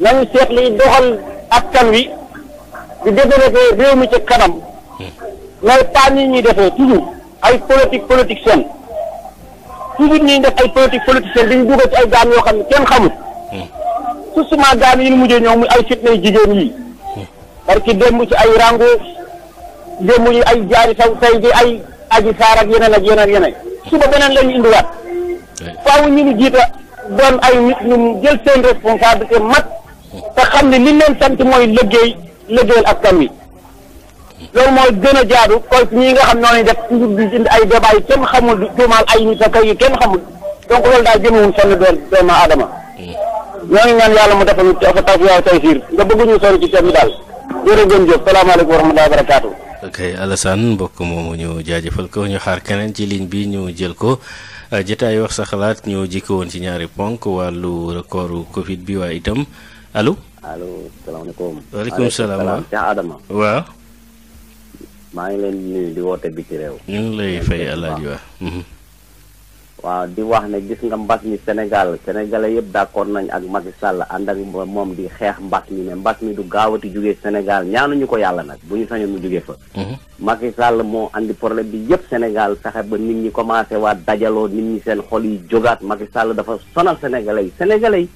nañu seet liy doxal kan wi di développé réew mi ci kanam. mais pas nii ñuy defee toujours ay politique politique seen toujours ñuy def ay politique politique seen dañu dugal ci ay gaan yoo xam ne kenn xamul. su suma gaan yi ñu mujjee ñoom muy ay fitna jigéen yi. parce que démb ci ay rango. démb yi ay jaari taw tay ji ay aji saar ak yeneen ak yeneen yeneen suba beneen la ñu indiwaat faaw ñu ni jiita doon ay nit ñu jël seen responsabilité mat te xam ne li leen sant mooy liggéey ak kan wi loolu mooy gën a jaadu koy ñi nga xam noonu def njub di ay débat yi kenn xamul di tuumaal ay nit ak yu kenn xamul donc loolu daal jëmewuñ sonn doon doomu aadama mm. ñoo ngi ñaan yàlla mu defal ñu taw taw yow tey siir nga bëgguñu sori ci seen mi daal jërëjëf Diop salaamaaleykum wa rahmatulah wa barakaatu. ok Alassane mbokk moomu ñu jaajëfal ko ñu xaar keneen ci ligne bi ñu jël ko euh, jotaay wax sa xalaat ñu jikko ci ñaari ponk wàllu recordu Covid bi waaye itam allo. allo salaam Cheikh maa ngi leen di nuyu di woote réew. ñu ngi lay fay alaaji wa waaw di wax ne gis nga mbas mi Sénégal sénégalais yëpp d'accord nañ ak Macky Sall ànd ak moom di xeex mbas mi ne mbas mi du gaawati jógee Sénégal ñu ko yàlla nag bu ñu sañoon mu jógee fa mhm. Macky Sall moo andi problème bi yëpp Sénégal fexe ba nit ñi commencé waa dajaloo nit ñi seen xol yi jógaat Macky Sall dafa sonal sénégalais yi sénégalais yi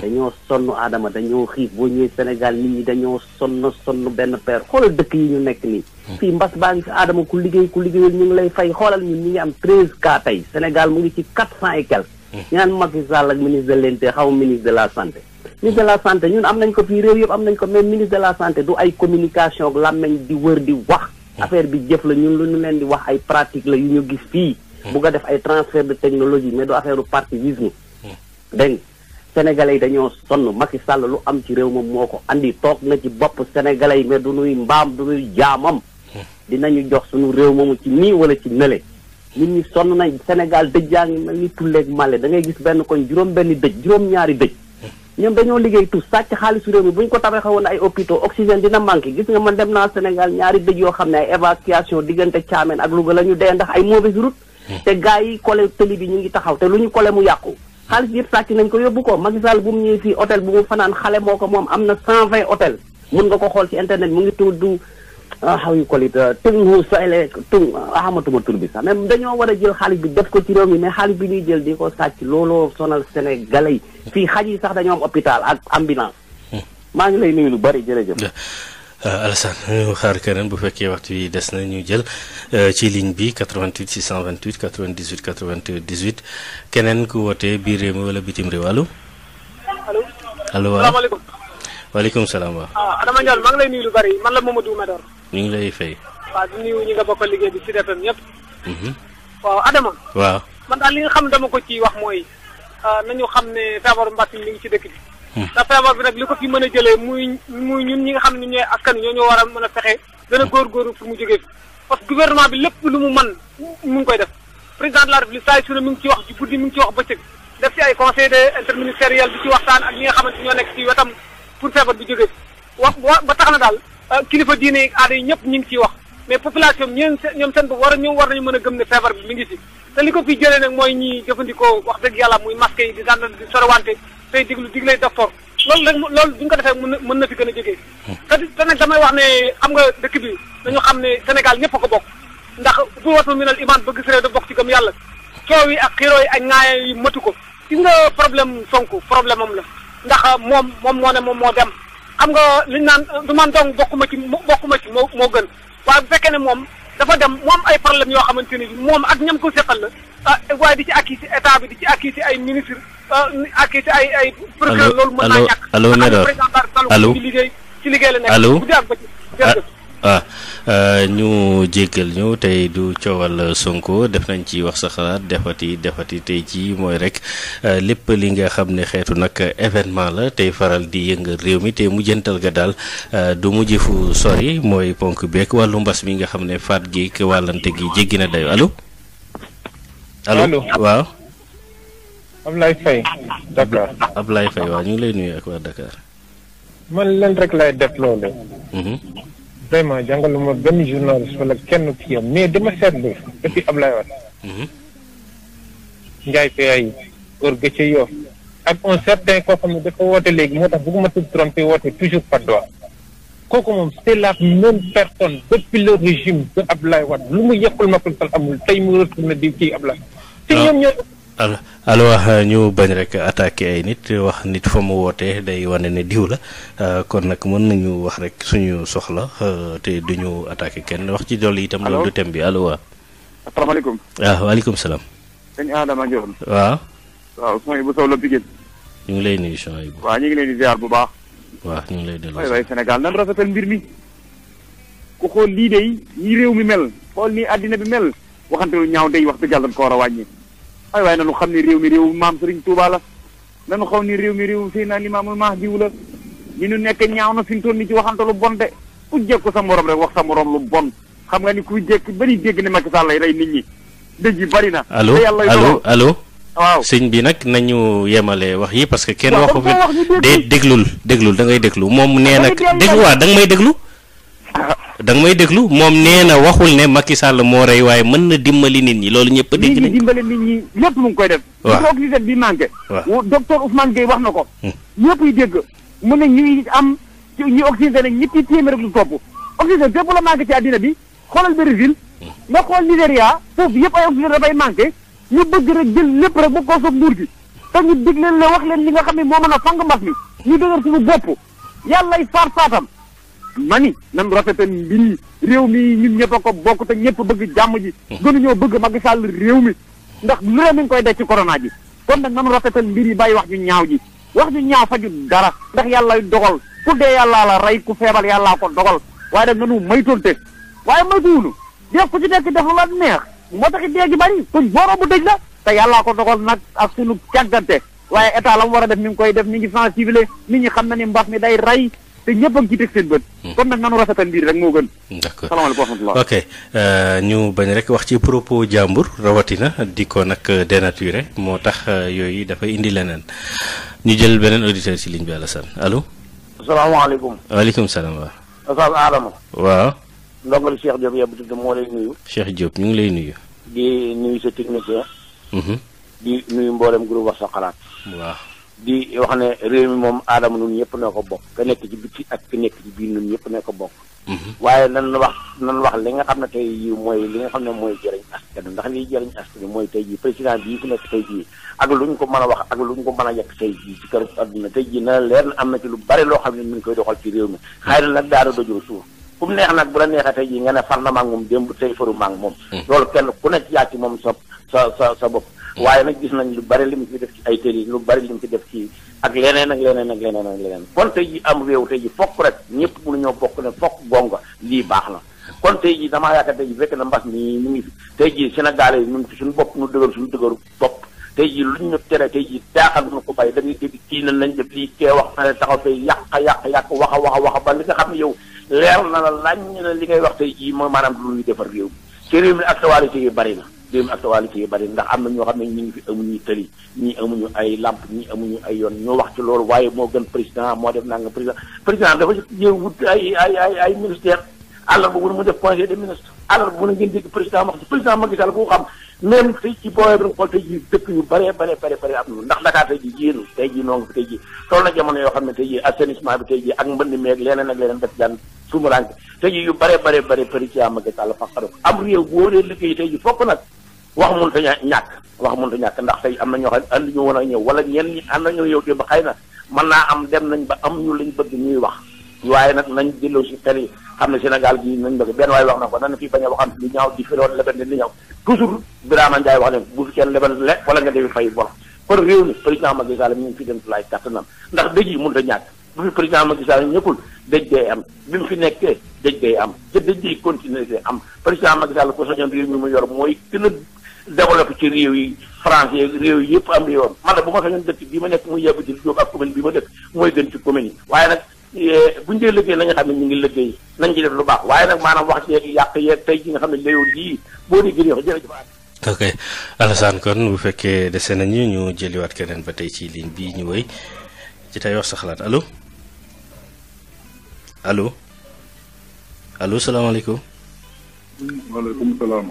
dañoo sonn aadama dañoo xiif boo ñëwee Sénégal nit ñi dañoo sonn sonn benn peer xoolal dëkk yi ñu nekk nii. Hmm. fii mbas baa ngi fi aadama ku liggéey ku liggéeyul ñu ngi lay fay xoolal ñun ñu ngi am treize cas tey Sénégal mu ngi ci quatre cent et quelques. Hmm. ñaan naan Macky Sall ak ministre de l'intérieur xaw ministre la santé. ministre de la santé ñun am nañ ko fii réew yëpp am nañ ko mais ministre de la santé du ay communication ak làmmeñ di wër di wax. Hmm. affaire bi jëf la ñun lu ñu leen di wax ay pratique la yu ñu gis fii. bu nga def ay transfert de technologie mais du affaire u partivisme dégg sénégalais yi dañoo sonn Macky Sall lu am ci réew moom moo ko indi toog na ci bopp sénégalais yi me du nuy mbaam du nuy jaamam ñu jox suñu réew moomu ci nii wala ci mele nit ñi sonn nañ senegal dëj yaa ngi mel ni tulleeg male da gis benn koñ juróom benn dëj juróom ñaari dëj ñoom dañoo liggéey tu sàcc xaalisu réew mi bu ko tabaxee woon ay hôpitaux oxygène dina manqué gis nga man dem naa Sénégal ñaari dëj yoo xam ne ay évacuation diggante Thiamène ak Louga la ñu dee ndax ay mauvaise route hmm. te gars yi collé tëli bi ñu ngi taxaw te lu ñu collé mu yàqu xaalis bi yëpp sàcc nañ ko yóbbu ko Macky Sall bu mu ñëwee fii hôtel bu mu fanaan xale moo ko moom am na 120 hôtel mun nga ko xool ci internet mu ngi tudd ah, how you call it Tungu uh, Soyle Tung ah, xamatuma tur bi sax même dañoo war a jël xaalis bi def ko ci réew mi mais xaalis bi ñuy jël di ko sàcc looloo sonal Sénégalais yi fii xaj yi sax dañoo am hôpital ak ambulance hmm. maa ngi lay nuyu lu bari jërëjëf Euh, Alassane xaar keneen bu fekkee waxtu yi des na ñu jël euh, ci ligne bi 88 628 98 98 keneen ku wootee biir réew mi wala bitim réew allo. allo allo waaw salaamaaleykum. waaleykum salaam waaw. ah Adama Ndione maa ngi lay nuyu lu bari man la Mamadou Medor. ñu ngi lay fay. waaw di nuyu ñi nga bokkal liggéey bi ci defam ñëpp. waaw Adama. waaw man daal li nga xam dama ko ci wax mooy ah, nañu xam ne feebaru mbas mi Hmm. ndax feebar bi nag li ko fi mën a jëlee muy muy ñun ñi nga xam ne ñooy askan ñoo ñoo war a mën a fexe gën a hmm. góorgóorlu pour mu jógee parce que gouvernement bi lépp lu mu mën mu ngi koy def président de la république saa su ne mi ngi ci wax ci guddi mi ci wax bëccëg def ci ay conseil de interministériel bi ci waxtaan ak ñi nga xamante ñoo nekk ci wetam pour feebar bi jógee fi wax ba tax na daal euh, kilifa diine yi aada yi ñëpp ñu ngi ciy wax mais population bi ñoom ñoom seen bopp war a ñoom war nañu mën a gëm ne feebar bi mi ngi fi te li ko fi jëlee nag mooy ñi jëfandikoo wax dëgg yàlla muy masque yi di sànn di tey diglu diglay docteur loolu nag loolu bu ñu ko defee mën na mën na fi gën a jógee te te damay wax ne xam nga dëkk bi dañu xam ne Sénégal ñëpp ko bokk ndax bu watu minal iman bëgg sëré da bokk ci gëm yàlla coow yi ak xiroo yi ak ŋaaya yi matu ko gis nga problème Sonko problème moom la ndax moom moom moo ne moom moo dem xam nga liñ naan du man dong bokkuma ci bokkuma ci moo moo gën waaye bu fekkee ne moom dafa dem moom ay problème yoo xamante ni moom ak ñam ko seqal la ah, waaye di ci akki si état bi di ci ay ministre Euh, ak it ay ay. procureur ah, ah, ñu jéggal ñu tey du coowal Sonko def nañ ci wax sa xalaat defati defati tey jii mooy rek euh, lépp li nga xam ne xeetu nag événement la tey faral di yëngal réew mi te mujjantal ga daal euh, du mujj fu sori mooy ponk beeg wàllu mbas mi nga xam ne faat gi ak wàllante gi jéggi na dayo allo. allo waaw. Ablaye Faye Dakar Ablaye Faye ñu ngi lay nuyu ak waa Dakar. man leen rek lay def loolu. Mhm. vraiment jàngalu ma benn journaliste wala kenn kii am mais dama seetlu ab Ablaye Wade. Mhm. Ndiaye PAI góor gëcce Yoff ak un certain koo xam ne dafa woote léegi moo tax bëgguma tudd trompé woote toujours pas droit kooku moom c'est la même personne depuis le régime de Ablaye Wade lu mu yekkul Macky Sall amul tey mu retourné di kii Ablaye. Ah. te ñoom ñoo alors wax euh, ñu bañ rek attaqué ay nit wax nit fa mu wootee day wane ne diw la euh, kon nag mën nañu wax rek suñu soxla euh, te duñu attaqué kenn wax ci dolli itam. loolu du thème bi allo waaw. asalaamaaleykum. waaw ah, waaleykum salaam. sëñ Adama Ndiol. waaw. waaw sooy bu sow la ñu ngi lay nuyu sooy bu. waaw bu baax. waaw ñu ngi lay delloo. waay waay Sénégal nan rafetal mbir mi. ku xool lii de yi réew mi mel. xool nii àddina bi mel. waxante lu ñaaw day wax dëgg yàlla ko war a ay waaye nanu xam ne réew mi réew maam Sëriñ Tuuba la nanu xaw ni réew mi réew sëy naa limaamul mahdiw la ñu nu nekk ñaaw na fi ñu toll ni ci waxante lu bon de ku jekku sa morom rek wax sa morom lu bon xam nga ni ku jekk bari dégg ne Macky Sall lay rey nit ñi dëj yi bari na allo allo allo waaw sëñ bi nag nañu yemale wax yi parce que kenn waxu fi de déglul déglul da ngay déglu moom nee nag déglu waa da may déglu ah, danga nga may déglu moom nee na waxul ne Macky Sall moo rey waaye mën na dimbali nit ñi loolu ñëpp a dégg ñi dimbali nit ñi lépp mu ngi koy def waaw oxygène bi manqué docteur Ousmane Gueye wax na ko hmm. ñëpp yi dégg mu ne ñuy am ñu oxygène ak ñetti téeméer ak lu topp oxygène fépp la manqué ci àddina bi xoolal Brésil hmm. nga xool Nigéria foofu yëpp ay oxygène dafay manqué ñu bëgg rek jël lépp rek ba ko soog nguur gi te ñu dig la wax leen li nga xam ne moo mën a fang mbas ñu dëgër suñu bopp yàllay mani nan rafetal mbir yi réew mi ñun ñëpp ko bokk te ñëpp bëgg jàmm ji. Mm-hmm. gënuñoo bëgg Macky Sall réew mi ndax lu ne mi ngi koy def ci corona ji kon nag nan rafetal mbir yi bàyyi wax ñu ñaaw ji wax ñu ñaaw faju dara ndax yàlla dogal ku dee yàllaa la rey ku feebal yàllaa ko dogal waaye nag nanu maytonte waaye maytuwunu def ku ci nekk def lu la neex moo tax it dee gi bari kuñ booroom bu dëj la te yàllaa ko dogal nag ak sunu càggante waaye état la mu war a def mi ngi koy def mi ngi sensibiliser nit xam na ni mbas mi day rey te ñëpp a ngi ciy teg seen bët. Hmm. kon nag nanu rafetal mbir rek moo gën. d'accord salaamaaleykum wa euh, ñu bañ rek wax ci propos jaambur rawatina di ko nag dénaturer moo tax euh, yooyu dafay indi leneen ñu jël beneen auditeur ci ligne bi Alassane allo. salaamaaleykum. waaleykum salaam wa. Oustaz Adama. waaw. ndongal Cheikh Diop yëpp tudd moo lay nuyu. Cheikh Diop ñu ngi lay nuyu. di nuyu sa technicien. Mhm. di nuyu mboolem groupe wax sa xalaat. waaw. di wax ne réew mi moom aadama nun ñëpp ne ko bokk ka nekk ci biti ak ka nekk ci biir nun ñëpp ne ko bokk mhm. waaye nan wax nan wax li nga xam ne tey yi mooy li nga xam ne mooy jëriñ askan ndax liy jëriñ askan mooy tey jii président bii fi nekk tey jii ak lu ñu ko mën a wax ak lu ñu ko mën a yekk tey jii ci kër adduna tey jii na leen na am na ci lu bari loo xam ne mi koy doxal ci réew mi xëy na nag daara dojul suuf ku mu neex nag bu la neexee tey jii nga ne far na maa ngi moom démb tey moom mhm. loolu kenn ku nekk yaa ci moom sa sa sa sa bopp waaye nag gis nañ lu bari li mu fi def ci ay télé lu bari li mu fi def ci ak leneen ak leneen ak leneen ak leneen kon tey ji am réew tey ji fokk rek ñëpp mënu ñoo bokk ne fokk gonga lii baax na kon tey ji damaa yaakaar tey ji fekk na mbas mi ñu ngi fi tey ji Sénégal yi ñun suñu bopp ñu dëgër suñu dëgëru bopp tey ji luñ ñu tere tey ji daaxal ñu ko bàyyi da ngay dégg kii nañ lañ def lii kee wax ne taxaw tey yàq yàq yàq waxa waxa waxa ba li nga xam ne yow leer na la lañ ne li ngay wax tey ji mooy maanaam lu ñuy defar réew mi ci réew mi actualité yi na déem ak tawaalif yi bari ndax am na ñoo xam ne ñu ngi fi amuñu tëli ñii amuñu ay lamp ñii amuñu ay yoon ñoo wax ci loolu waaye moo gën président moo def nanga président président dafa mu def conseil des ministres alors bu na ngeen dégg président wax ci président Macky Sall ko xam même tey ji dëkk yu bare bare bare am na ndax Dakar tey ji yéenu tey ji noo fi tey ji toll na jamono yoo xam ne tey ji assainissement bi tey ji ak mbënd meeg leneen ak leneen def daan suumaranke tey ji yu bare bare bare président Macky Sall faxaro am réew boo dee liggéey tey ji fokk wax mënut a ñàkk wax mënut ñàkk ndax tey am na ñoo xam ne ànd ñu woon a ñëw wala ñenn ñi ànd nañoo yow démb xëy na man naa am dem nañ ba am ñu lañ bëgg ñuy wax waaye nag nañ delloo si xel yi xam ne Sénégal gii nañ bëgg benn waaye wax na ko nan fii bañ a waxam lu ñaaw di filoon lebante li ñaaw toujours Birama Ndiaye wax ne bu fi kenn lebal le wala nga defi fay bor kon réew mi président Macky Sall mi ngi fi dem laaj kàttanam ndax dëj yi mënut a ñàkk bu fi président Macky Sall ñëkkul dëj day am bi fi nekkee dëj day am te dëj day continuer am président Macky Sall ko sañoon réew mooy développé ci réew yi France yeeg réew yi yëpp am yoon man na bu ma sañoon ma nekk muy yebbu di jóg ak commune bi ma dëkk mooy gën ci commune waaye nag eh, bu ñu dee liggéey nañu xam ne ñu ngi liggéey nañ ci def lu baax waaye nag maanaam wax yàq yeeg tey ji nga xam ne léew lii boo di gën yox jërëjëf ok Alassane kon bu fekkee dese nañu ñu jëliwaat keneen ba tey ci ligne bi ñu wéy ci tey wax sa xalaat allo allo allo salaamaaleykum.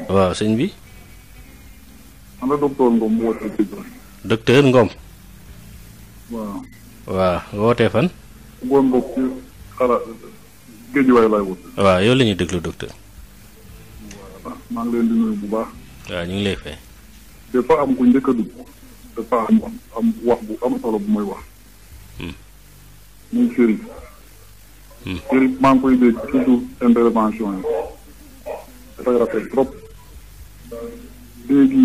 waaw sëñ bi. man la docteur Ngom moo ci docteur Ngom. waaw. waaw wootee fan. ngoon boog ci xara géejuwaay laay wut. maa ngi leen di nuyu bu baax. waaw ñu ngi lay fay. dafa am ku njëkk a dugg dafa am am wax bu am solo bu may wax. Hmm. muy Chérif. Hmm. Chérif maa koy dégg surtout intervention yi. dafay rafet trop. léegi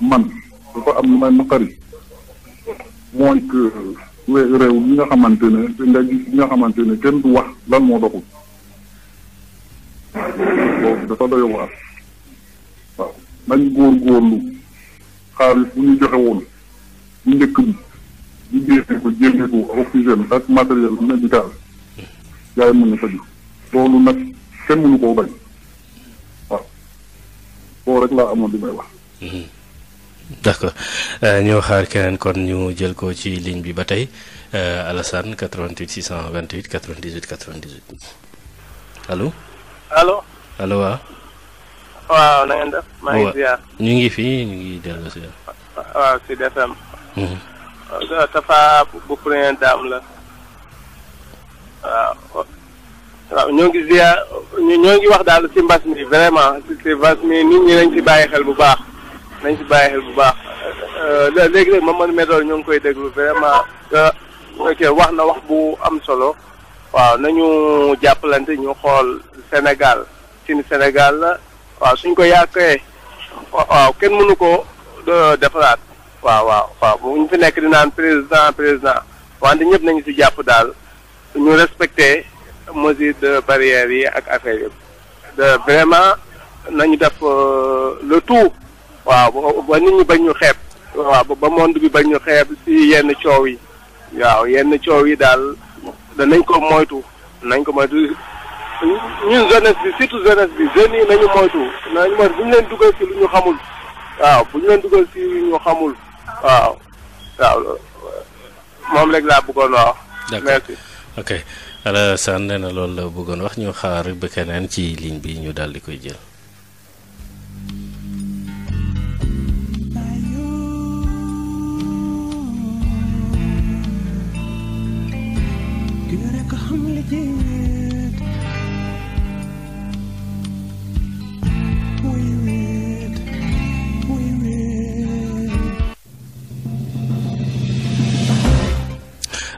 man dafa am lu may naqari mooy que réew mi nga xamante ne nga gis nga xamante ne kenn du wax lan moo doxul boobu dafa doy waar waaw nañ góorgóorlu xaalis bu ñu joxe woon bu njëkk bi ñu génne ko génne ko oxygène ak matériel médical yaay mën a faju loolu nag kenn mënu koo bañ boo rek laa amoon li may wax. Mhm. d' accord euh, xaar keneen kon ñu jël ko ci ligne bi ba tey euh, Alassane 88 628 98 98 allo. allo allo waaw. waaw na ngeen def. maa ngi ñu ngi fii ñu ngi dellu si. waaw si mhm. bu première dame la waaw ñoo ngi ziar ñoo ngi wax daal ci mbas mi vraiment ci mbas mi nit ñi nañ ci bàyyi xel bu baax nañ ci bàyyi xel bu baax euh, euh, léegi nag Mamadou Médor ñoo ngi koy déglu vraiment ok wax na wax bu am solo waaw nañu jàppalante ñu xool Sénégal suñu Sénégal waaw suñ ko yàqee waaw kenn mënu ko euh, defaraat waaw waaw waaw bu fi nekk di naan président président wante ñëpp nañu ci jàpp daal ñu respecté. mesure de barrière yi ak affaire yi vraiment nañu def euh, le tout waaw ba nit ñi bañ ñu xeeb waaw ba monde bi bañ ñu xeeb si yenn coow yi waaw yenn coow yi daal danañ ko moytu nañ ko moytu ñun jeunesse bi surtout jeunesse bi jeunes yi nañu moytu nañu moytu bu ñu leen dugal si lu ñu xamul waaw bu ñu leen dugal si lu ñu xamul waaw waaw moom rek laa bëggoon wax merci ok Alassane nee na loolu la bëggoon wax ñu xaar ba keneen ci ligne bi ñu daal di koy jël.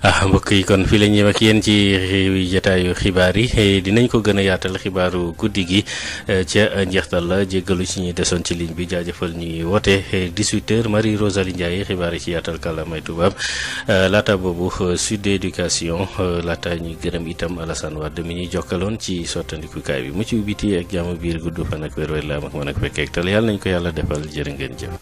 ah mbokk yi kon fii la ñuy ak yéen ci jotaayu xibaar yi eh, dinañ ko gën a yaatal xibaaru guddi gi eh, ca njeextal la jéggalu si ñuy desoon ci liñ bi jaajëfal ñuy woote 18h eh, Marie Rosalie Ndiaye xibaar yi ci yaatal kàllaamay tubaab laata boobu sud éducation laata ñuy gërëm itam Alassane Wade mi ñuy jokkaloon ci sottandikukaay bi mucc biti ak jàmm biir gudd fan ak wér-wér la am ak mën ak fekkeek tal yàlla nañ ko yàlla defal jërë ngeen jëm